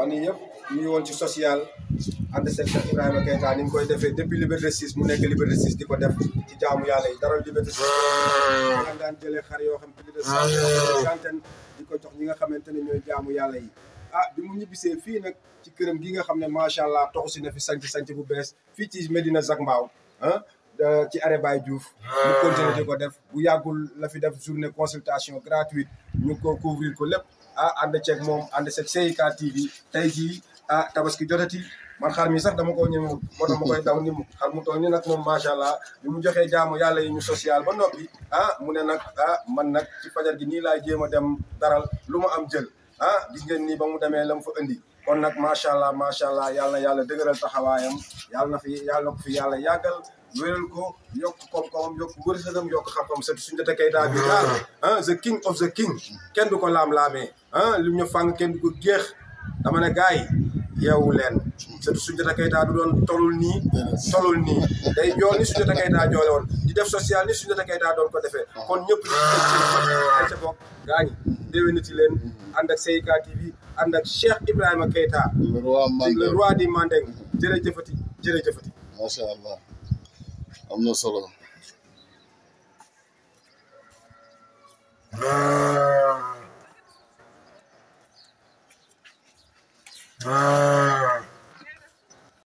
fan yii yëpp ñu ci social ànd seen Cheikh Ibrahima Keita ni ñu koy defee depuis Liberté 6 mu nekk Liberté 6 di ko def ci jaamu yàlla yi dara Liberté 6. daan jëlee xar yoo xam plus de centaine di ko jox ñi nga xamante ne ñooy jaamu yàlla yi. ah bi mu ñibbisee fii nag ci këram gi nga xam ne macha allah toxu si na fi sanc sanc bu bees fii ci Medina Zac Mbao ah. Euh, ci arrêt Baye Diouf. Ah. ñu continuer def bu yàggul la fi def journée consultation gratuite ñu ko couvrir ko lépp ah ànd ceeg moom ànd ceeg CIK TV tey jii ah tabaski jotati man xar mi sax dama ko ñëwul moo tax ma ni mu xar mu toll ni nag moom macha allah bi mu joxee jaamu yàlla yi ñu social ba noppi ah mu ne nag ah man nag ci fajar gi nii laay jéem a dem daral lu ma am jël ah gis ngeen nii ba mu demee la mu fa indi kon nag macha allah macha allah yàlla na yàlla dëgëral taxawaayam yàlla na fi yàlla yàlla yàggal. wéral ko yokk koom-koomam yokk wërsëgam yokk xam-xam sa suñu data kay daa bi daal ah. ah the king of kenn du ko laam-laamee ah lu ñu fàng kenn du ko géex dama ne gars yi yeewu leen sa Soundiata Keita du doon tolul nii tolul nii day jool ni Soundiata Keita joole woon di def social ni Soundiata Keita doon ko defee ah. kon ñëpp ñi ah. ca bokk gars yi déwénati leen ànd ak CIK TV ànd ak Cheikh Ibrahima Keita le roi di Mandeng jërëjëfati jërëjëfati macha allah a solo. Ah. Ah.